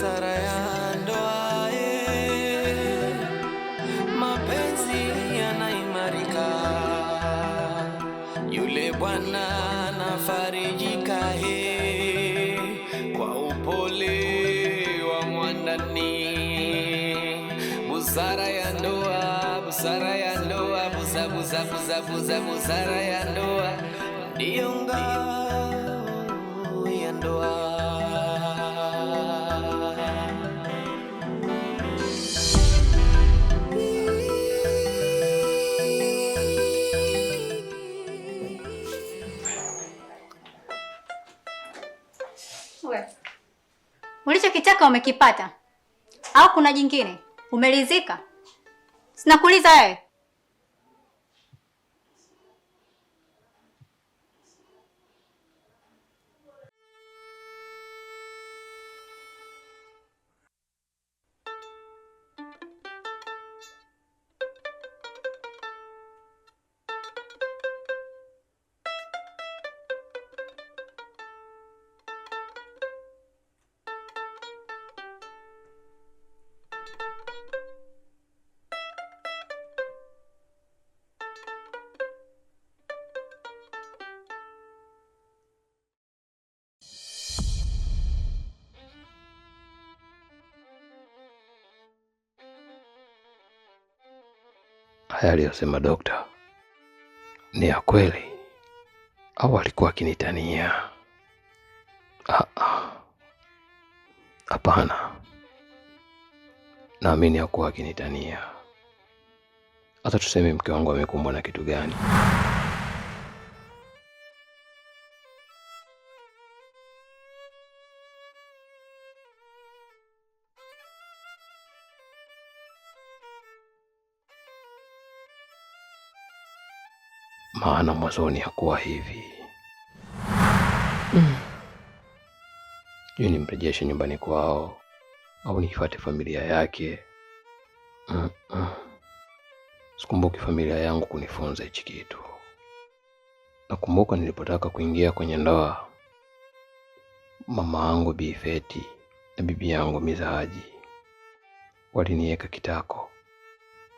hasara ya ndoa, eh. mapenzi yanaimarika, yule bwana anafarijika, he eh. kwa upole wa mwandani. Busara ya ndoa, busara ya ndoa, buza buza buza buza, busara ya ndoa ndiyo ngao ulichokitaka umekipata, au kuna jingine umelizika? Sinakuuliza wewe. haya aliyosema dokta ni ya kweli au alikuwa akinitania? Hapana, naamini hakuwa akinitania. Hata tuseme mke wangu amekumbwa na kitu gani maana mwanzoni hakuwa hivi. Mm. Juu nimrejeshe nyumbani kwao au niifate familia yake? mm -mm. Sikumbuki familia yangu kunifunza hichi kitu. Nakumbuka nilipotaka kuingia kwenye ndoa, mama yangu bifeti na bibi yangu Mizahaji waliniweka kitako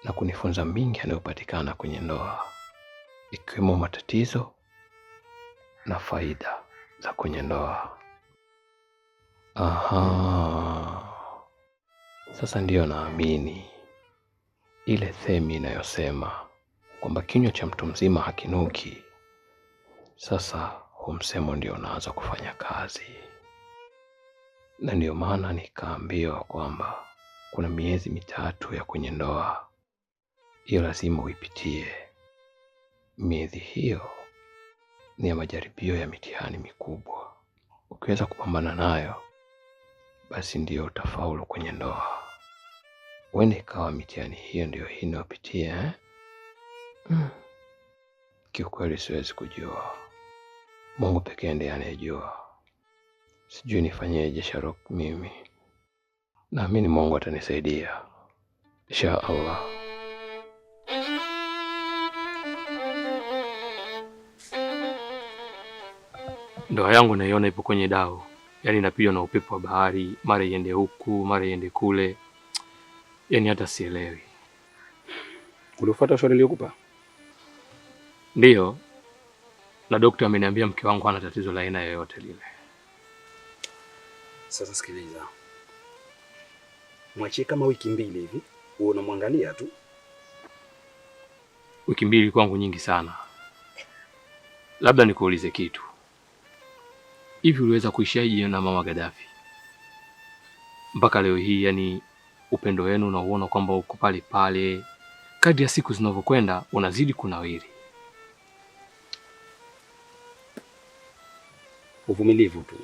na kunifunza mingi yanayopatikana kwenye ndoa ikiwemo matatizo na faida za kwenye ndoa. Aha, sasa ndiyo naamini ile themi inayosema kwamba kinywa cha mtu mzima hakinuki. Sasa huu msemo ndio unaanza kufanya kazi, na ndiyo maana nikaambiwa kwamba kuna miezi mitatu ya kwenye ndoa, hiyo lazima uipitie miezi hiyo ni ya majaribio ya mitihani mikubwa. Ukiweza kupambana nayo, basi ndiyo utafaulu kwenye ndoa. Huenda ikawa mitihani hiyo ndiyo hii inayopitia eh? Mm. Kiukweli siwezi kujua, Mungu pekee ndiye anayejua. Sijui nifanyeje Sharuk mimi. Naamini Mungu atanisaidia insha Allah. Ndoa yangu naiona ipo kwenye dau, yaani inapigwa na upepo wa bahari, mara iende huku, mara iende kule, yaani hata sielewi. Ulifuata ushauri niliokupa? Ndiyo, na daktari ameniambia mke wangu hana tatizo la aina yoyote lile. Sasa sikiliza, mwachie kama wiki mbili hivi, wewe unamwangalia tu. Wiki mbili kwangu nyingi sana. Labda nikuulize kitu hivi uliweza kuishaje na mama Gaddafi mpaka leo hii? Yani upendo wenu unauona kwamba uko pale pale, kadri ya siku zinavyokwenda unazidi kunawiri. Uvumilivu tu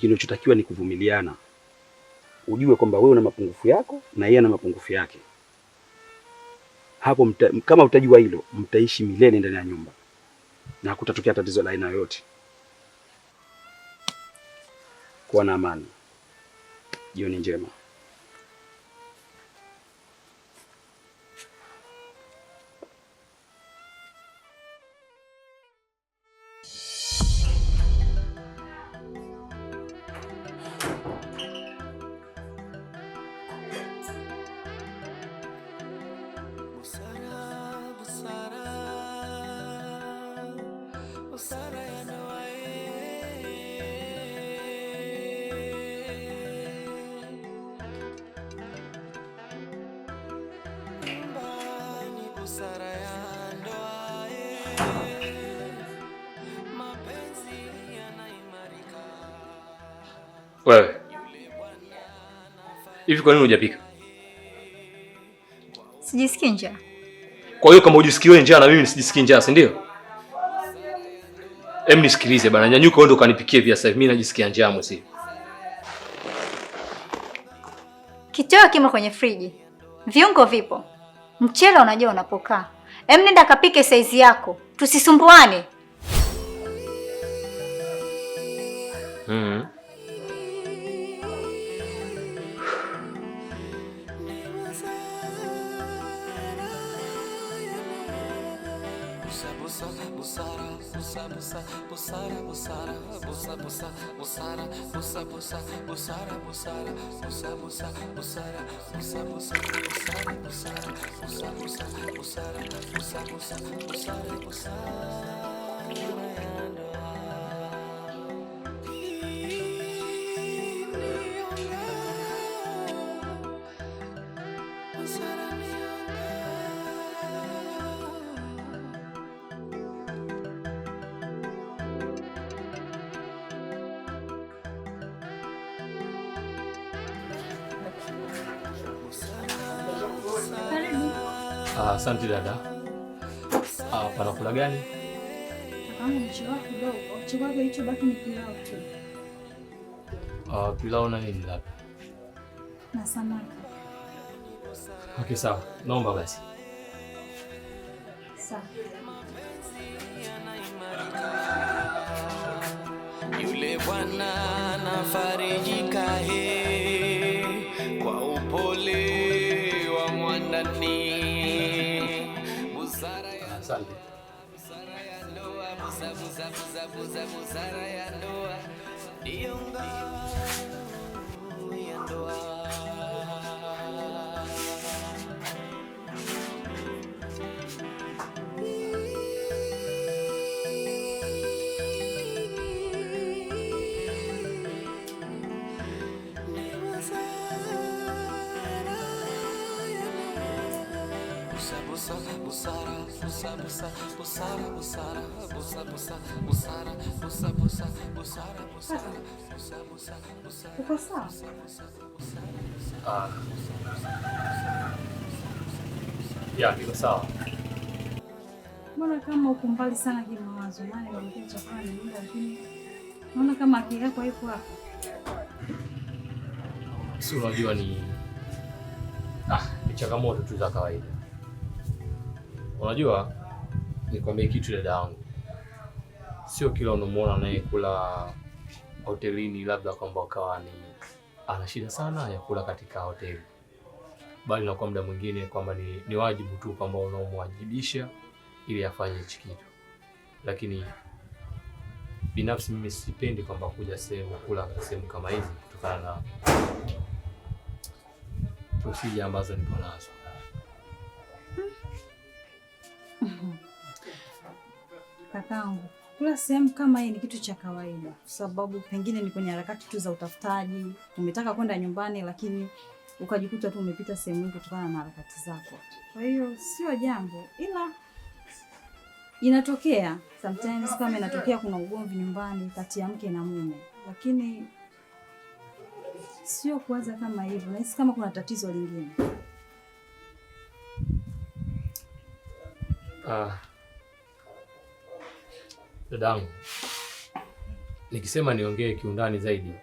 kinachotakiwa ni kuvumiliana, ujue kwamba wewe una mapungufu yako na yeye ana mapungufu yake. Hapo mta, kama utajua hilo mtaishi milele ndani ya nyumba na hakutatokea tatizo la aina yoyote kuwa na amani. Jioni njema. Hivi kwa nini hujapika? Sijisikii njaa. Kwa hiyo kama hujisikii wewe njaa na mimi nisijisikii njaa, si ndio? Hem, nisikilize bana, nyanyuka wewe ndio kanipikie via sasa Mimi najisikia njaa mwezi. Kitoa kimo kwenye friji. Viungo vipo. Mchele unajua unapokaa. Hem, nenda kapike saizi yako. Tusisumbuane. Mm. Busara, busara, buçara, buçara, busara, buça, buçara, busara, busara, buçara, buçara, busara, buça, buçara, busara, busara, buçara, buçara, busara, buça, buçara, busara, busara, busara, buçara. Asante dada. Uh, ah, panakula gani? Ah, ah, pilau na nini labda na samaki. Okay, sawa, naomba basi sana busara ya ndoa Uko sawa? Ya, niko sawa. Mbona kama uko mbali sana kimawazo, lakini naona kama akili yako haiko hapa. Si unajua ni ah, ni changamoto tu za kawaida. Unajua nikwambie kitu dada wangu, sio kila unamuona anayekula hotelini labda kwamba ukawa ni ana shida sana ya kula katika hoteli, bali na kwa muda mwingine kwamba ni, ni wajibu tu kwamba unaomwajibisha ili afanye hichi kitu, lakini binafsi mimi sipendi kwamba kuja sehemu kula sehemu kama hizi kutokana na procedure ambazo nipo nazo. Kakangu, kula sehemu kama hii ni kitu cha kawaida, kwa sababu pengine ni kwenye harakati tu za utafutaji, umetaka kwenda nyumbani, lakini ukajikuta tu umepita sehemu hii kutokana na harakati zako. Kwa hiyo sio jambo, ila inatokea sometimes, kama inatokea kuna ugomvi nyumbani kati ya mke na mume, lakini sio kuwaza kama hivyo. Nahisi kama kuna tatizo lingine ah. Dadangu, nikisema niongee kiundani zaidi,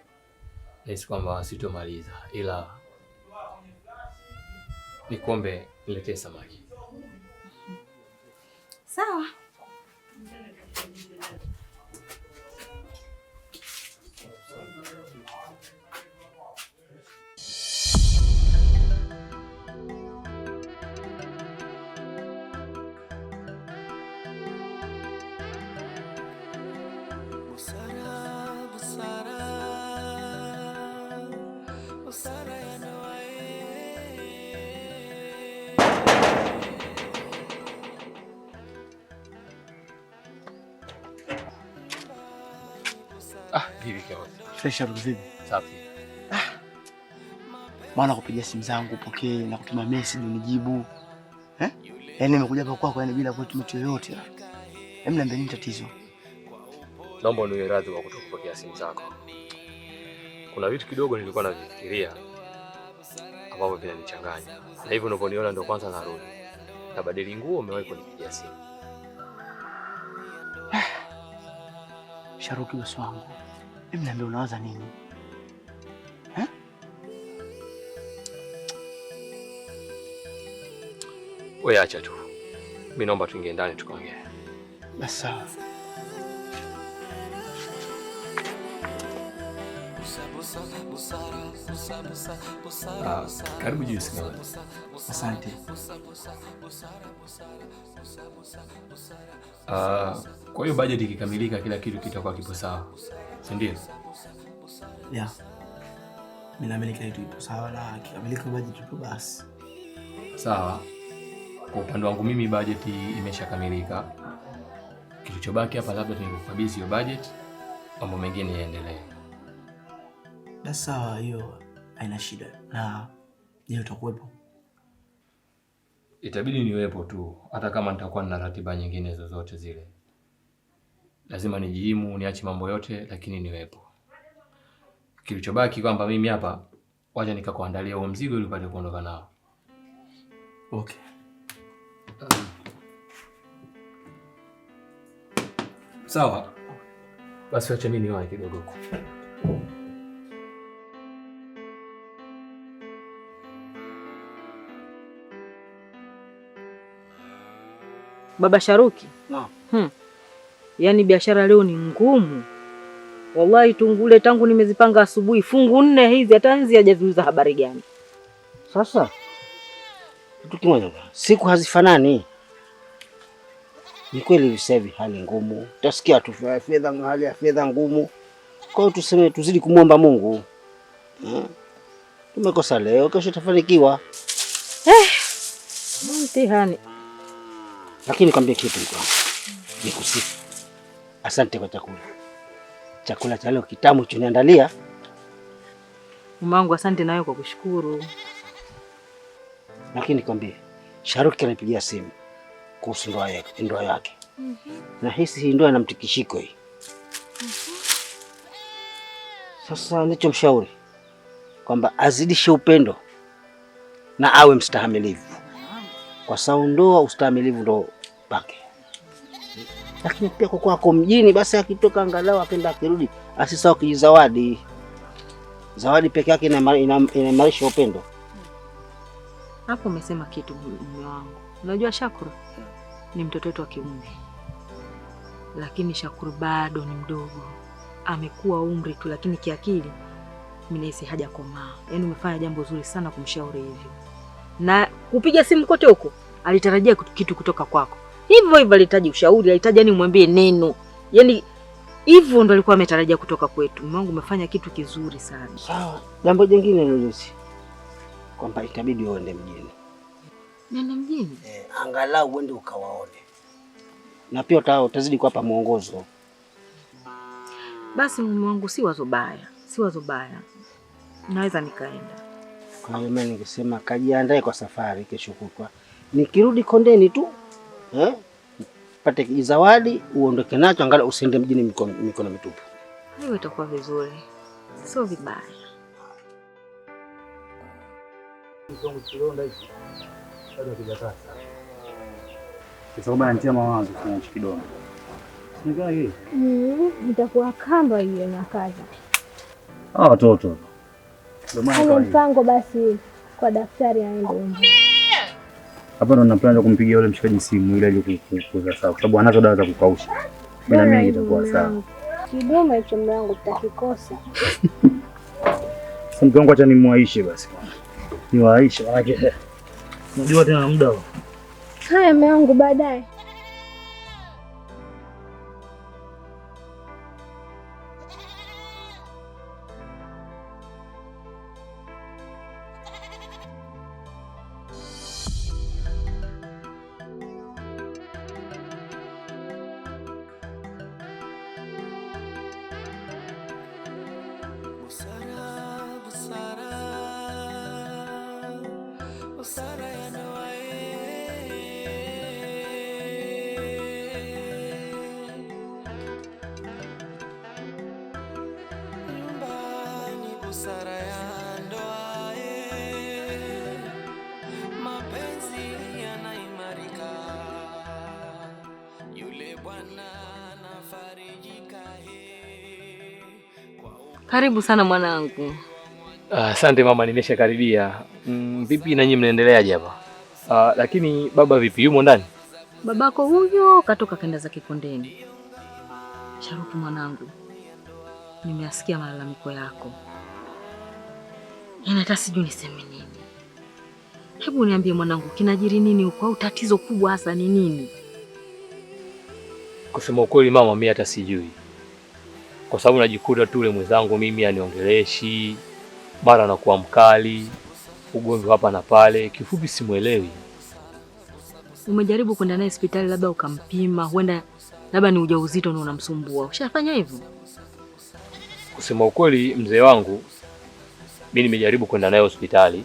nahisi kwamba sitomaliza, ila nikombe niletee samaki. Sawa. Fresh harufu Safi. Ah. Maana kupigia simu zangu pokee na kutuma message unijibu. Eh? Yaani nimekuja hapa kwako yani bila kutuma mtu yoyote. Hebu yaani niambie nini tatizo? Naomba uniwe radhi kwa kutokupokea simu zako. Kuna vitu kidogo nilikuwa navifikiria ambavyo vinanichanganya. Na hivyo unavyoniona ndio kwanza narudi. Tabadili nguo umewahi kunipigia simu. Ah. Sharuki, wangu. Hebu niambie unawaza nini? Ha? Eh? acha tu. mi naomba tuingie ndani tukaongee. Basi ah, Karibu jinsi gani? Asante. Ah, kwa hiyo bajeti ikikamilika, kila kitu kitakuwa kipo sawa si ndio? Yeah. Mimi naamini kitu ipo sawa na kikamilika bajeti basi. Sawa. Kwa upande wangu mimi bajeti imeshakamilika. Kilichobaki hapa labda ni kukabidhi hiyo bajeti, mambo mengine yaendelee. Sawa, hiyo haina shida. Na je, utakuwepo? Itabidi niwepo tu, hata kama nitakuwa na ratiba nyingine zozote zile lazima nijihimu, niache mambo yote, lakini niwepo. Kilichobaki kwamba mimi hapa, wacha nikakuandalia huo mzigo ili upate kuondoka nao. Okay. Um. Sawa basi, acha mimi niwahi kidogo. Baba Sharuki. Naam. Hmm. Yaani biashara leo ni ngumu wallahi, Tungule, tangu nimezipanga asubuhi fungu nne hizi, hata hizi hajaziuza. Habari gani sasa? Kitu kimoja, siku hazifanani. Ni kweli usevi, hali ngumu, utasikia tu fedha, hali ya fedha ngumu. Kwa hiyo tuseme, tuzidi kumwomba Mungu Tumekosa leo, kesho tafanikiwa eh, mtihani. Lakini kwambie kitu, nikusifu Asante kwa chakula, chakula cha leo kitamu chuniandalia Mamangu, asante nawe kwa kushukuru. Lakini nikwambie, Sharuki anapigia simu kuhusu ndoa yake, ndoa yake. Mm -hmm. Nahisi hii ndoa ina mtikishiko hii. Mm -hmm. Sasa mshauri kwamba azidishe upendo na awe mstahamilivu, kwa sababu ndoa ustahamilivu ndo pake lakini pia kwa kwako mjini, basi akitoka angalau akenda akirudi, asisao kijizawadi. Zawadi peke yake inaimarisha upendo. Hapo umesema kitu, mume wangu. Unajua Shakuru ni mtoto wetu wa kiume, lakini Shakuru bado ni mdogo, amekuwa umri tu, lakini kiakili mimi hajakomaa. Yaani umefanya jambo zuri sana kumshauri hivyo, na kupiga simu kote huko alitarajia kitu kutoka kwako hivyo hivyo, alihitaji ushauri, alihitaji yani umwambie neno, yani hivyo ndo alikuwa ametarajia kutoka kwetu. Mume umefanya kitu kizuri sana. Sawa, jambo jingine lolote, kwamba itabidi uende mjini. Nenda mjini eh, angalau uende ukawaone, na pia utazidi kuwapa mwongozo. Basi mume wangu, si wazo baya, si wazo baya, naweza nikaenda. Kwa hiyo mimi ningesema kajiandae kwa safari kesho kutwa, nikirudi kondeni tu Eh? Pate kijizawadi uondoke nacho, angalau usiende mjini mikono, mikono mitupu. Hiyo itakuwa vizuri, sio vibaya. Mm-hmm. itakuwa mawazo chi kidogo nitakuwa kamba hiyo na kaza ah, watoto. Ndio mpango basi kwa daktari aende hapa ndo napenda kumpigia yule mshikaji simu ili aje kukuza sawa, kwa sababu anazo dawa za kukausha. Bila mimi itakuwa sawa. Kidume hicho mlango utakikosa. Sasa mgongo, acha nimwaishe basi. Niwaishe, maana unajua tena muda. Haya, wangu, baadaye. busara ya ndoa ye, eh. mapenzi yanaimarika, yule bwana anafarijika eh. Karibu sana mwanangu. Asante ah, mama, nimeshakaribia. Mm, vipi nanyi mnaendeleaje hapa? Ah, lakini baba vipi, yumo ndani? Babako huyo katoka kenda za kikondeni Sharuku mwanangu, nimeasikia malalamiko yako. Yaani hata sijui niseme nini. Hebu niambie mwanangu, kinajiri nini huko au tatizo kubwa hasa ni nini? Kusema ukweli mama, mimi hata sijui, kwa sababu najikuta tu ule mwenzangu mimi aniongeleshi, mara anakuwa mkali, ugomvi hapa na pale, kifupi simwelewi. Umejaribu kwenda naye hospitali labda ukampima, huenda labda ni ujauzito ndio unamsumbua. Ushafanya hivyo? Kusema ukweli mzee wangu mi nimejaribu kwenda naye hospitali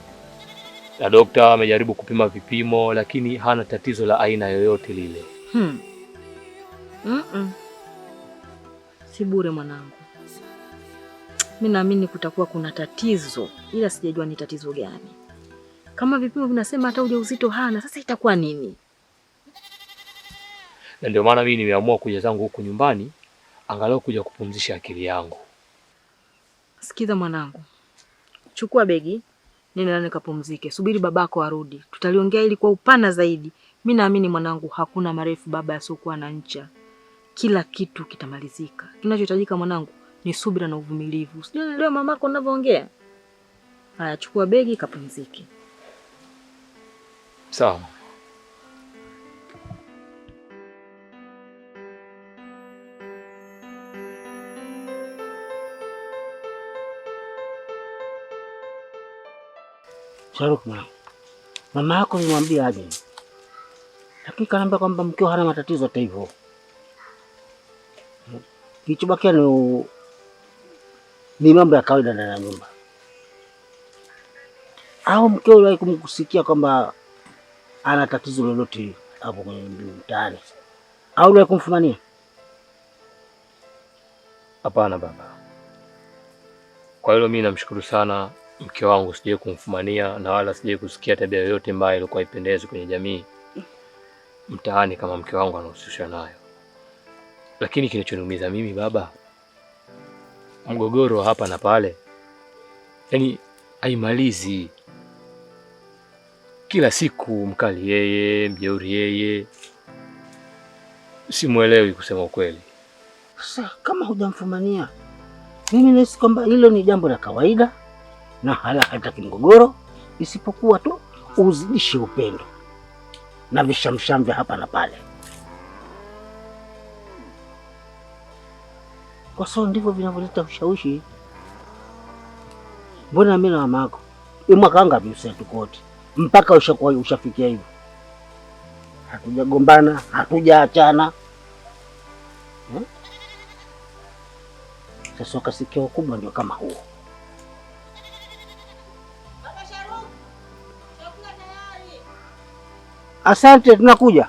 na dokta amejaribu kupima vipimo, lakini hana tatizo la aina yoyote lile. Hmm. Mm -mm. Si bure mwanangu, mi naamini kutakuwa kuna tatizo, ila sijajua ni tatizo gani. Kama vipimo vinasema hata ujauzito hana, sasa itakuwa nini? Na ndio maana mimi nimeamua kuja zangu huku nyumbani, angalau kuja kupumzisha akili yangu. Sikiza mwanangu chukua begi, nenda nikapumzike, subiri babako arudi, tutaliongea ili kwa upana zaidi. Mi naamini mwanangu, hakuna marefu baba yasiokuwa na ncha. Kila kitu kitamalizika. Kinachohitajika mwanangu ni subira na uvumilivu. Sijui leo mamako unavyoongea. Haya, chukua begi kapumzike. Sawa. Sharuk mama yako nimwambia aje, lakini kanaambia kwamba mkeo hana matatizo. Hata hivyo kichobakia ni ni mambo ya kawaida ndani ya nyumba. Au mkeo uliwahi kumkusikia kwamba ana tatizo lolote hapo kwenye mtaani? Au uliwahi kumfumania? Hapana baba. Kwa hilo mimi namshukuru sana mke wangu, sijai kumfumania na wala sijai kusikia tabia yoyote mbaya ilikuwa ipendezi kwenye jamii mtaani kama mke wangu anahusishwa nayo. Lakini kinachoniumiza mimi baba, mgogoro hapa na pale, yaani haimalizi. Kila siku mkali yeye, mjeuri yeye, simwelewi kusema ukweli. Sasa kama hujamfumania, mimi nahisi kwamba hilo ni jambo la kawaida na hala hataki mgogoro, isipokuwa tu uzidishe upendo na vishamsham vya hapa na pale, kwa sababu ndivyo vinavyoleta ushawishi. Mbona mimi na mamako imwakanga viusetukoti mpaka ushakuwa ushafikia hivyo, hatujagombana hatujaachana hmm? Sasa kasikia ukubwa ndio kama huo. Asante, tunakuja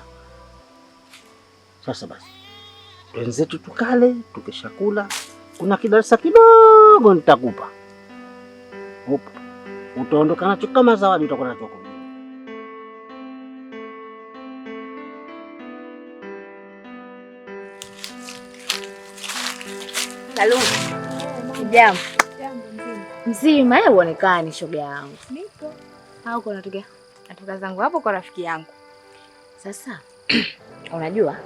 sasa. Basi wenzetu, tukale tukishakula, kuna kidarasa kidogo nitakupa, utaondoka nacho kama zawadi, utakuwa nacho Jambo mzima. Eh, uonekani shoga yangu, natoka zangu hapo kwa rafiki yangu sasa unajua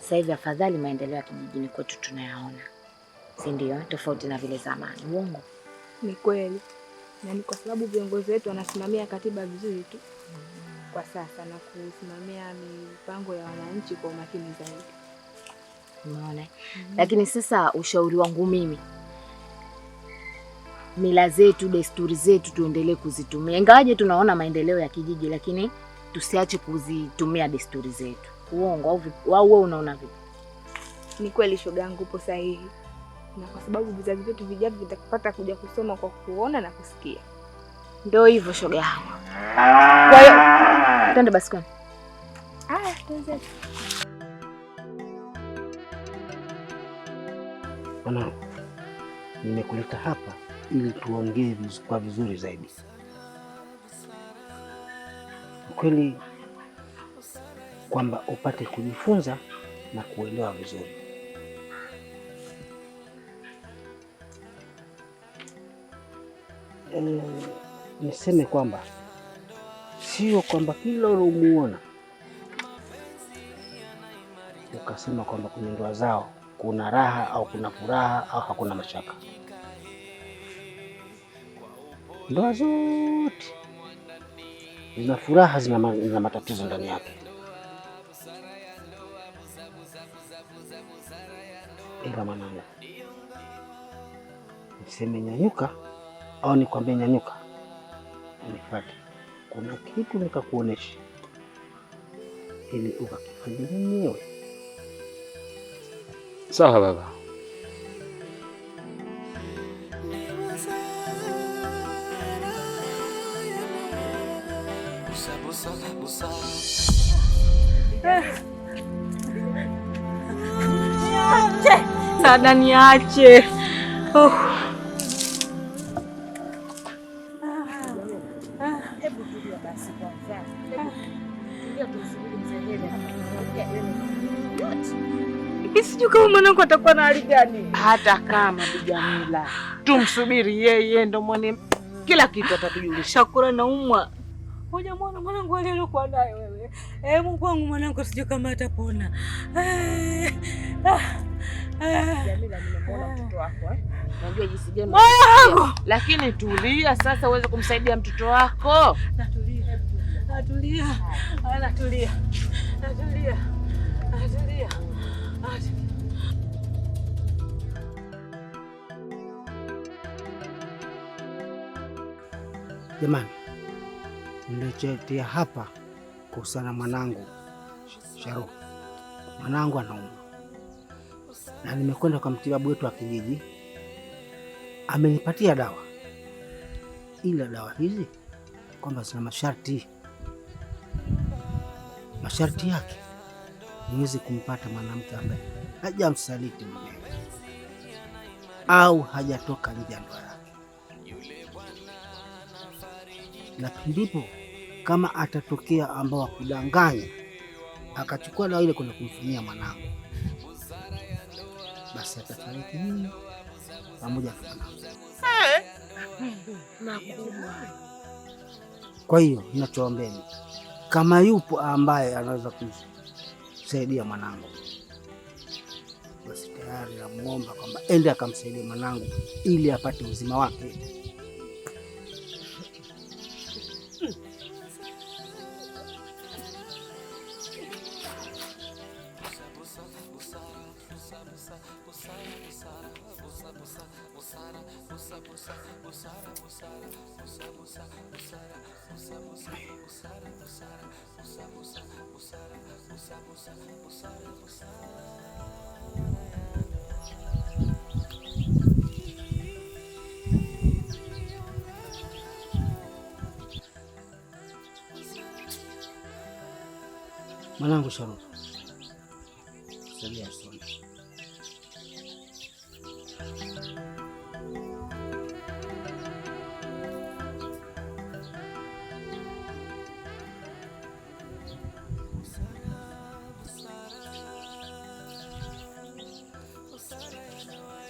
sasa hivi afadhali maendeleo ya kijijini kwetu tunayaona, si ndio? Tofauti na vile zamani. Uongo? Ni kweli, na ni kwa sababu viongozi wetu wanasimamia katiba vizuri tu mm. kwa sasa na kusimamia mipango ya wananchi kwa umakini zaidi. Unaona? mm -hmm. Lakini sasa ushauri wangu mimi, mila zetu, desturi zetu tuendelee kuzitumia, ingawaje tunaona maendeleo ya kijiji, lakini tusiache kuzitumia desturi zetu. Uongo au au wewe unaona vipi? Ni kweli shogangu, upo sahihi, na kwa sababu vizazi vyetu vijavyo vitakupata kuja kusoma kwa kuona na kusikia. Ndio hivyo shogangu, kwa hiyo twende basi kwani. Haya, tuanze mwanangu, nimekuleta hapa ili tuongee kwa vizuri zaidi kweli kwamba upate kujifunza na kuelewa vizuri. E, niseme kwamba sio kwamba kila ulomuona ukasema kwamba kwenye ndoa zao kuna raha au kuna furaha au hakuna mashaka. Ndoa zote zina furaha, zina matatizo ndani yake. Ila mwanangu, niseme nyanyuka au nikwambie nyanyuka? Nifuate, kuna kitu nikakuonesha ili ukakifanya mwenyewe. Sawa baba. Sana niache. Oh. Sijui kama mwanangu atakuwa na hali gani. Hata kama Bijamila, tumsubiri yeye, ndo mwene kila kitu atatujulisha. Shakura naumwa. Hujamwona mwanangu aliyokuwa naye wewe? Eh, Mungu wangu mwanangu, sijui kama atapona. Lakini tulia sasa uweze kumsaidia mtoto wako. Jamani, mliochetia hapa kuhusiana mwanangu Sharuh. Mwanangu anaumwa na nimekwenda kwa mtibabu wetu wa kijiji, amenipatia dawa, ila dawa hizi kwamba zina masharti. Masharti yake niweze kumpata mwanamke ambaye hajamsaliti mwenyewe au hajatoka nje ya ndoa yake, na ndipo kama atatokea ambao akudanganya akachukua dawa ile kwenda kumfanyia mwanangu, basi atafariki mimi pamoja na mwanangu. Eh? Kwa hiyo ninachoombeni, kama yupo ambaye anaweza kumsaidia mwanangu, basi tayari namwomba kwamba ende akamsaidia mwanangu ili apate uzima wake. busa busara busara busa busa busara busa busa busara busara busa busa busara busa busa busara busara busa busa busara busa busa busara busa, Malang ko sarap. Sabi aswan.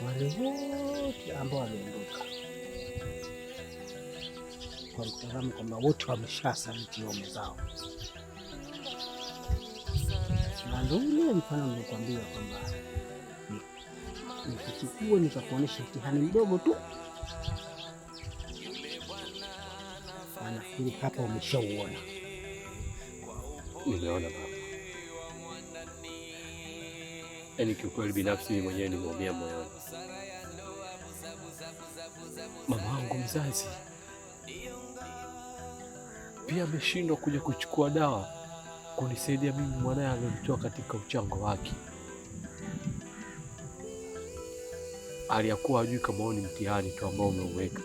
wale wote ambao wameondoka kwa mtazamo kwamba wote wameshasaliti waume zao, na ndio ule mfano niliokuambia kwamba nikuchukua nikakuonyesha mtihani mdogo tu. Nafikiri hapa umeshauona. Nimeona baba. Yani kiukweli binafsi mimi mwenyewe nimeumia moyoni. Mama wangu mzazi pia ameshindwa kuja kuchukua dawa kunisaidia mimi mwanaye aliyemtoa katika uchango wake. Aliyakuwa hajui kama huo ni mtihani tu ambao umeuweka.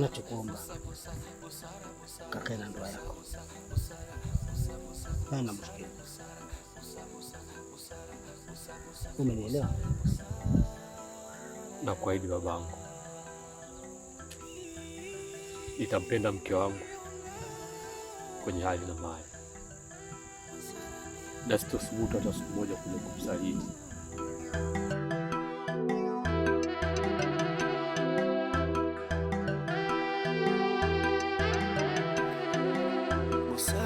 Nachokuomba kakae na ndoa yako, na mushkili. Umenielewa? Na kuahidi babangu, nitampenda mke wangu kwenye hali na mali, na sitothubutu hata siku moja kuja kumsaliti.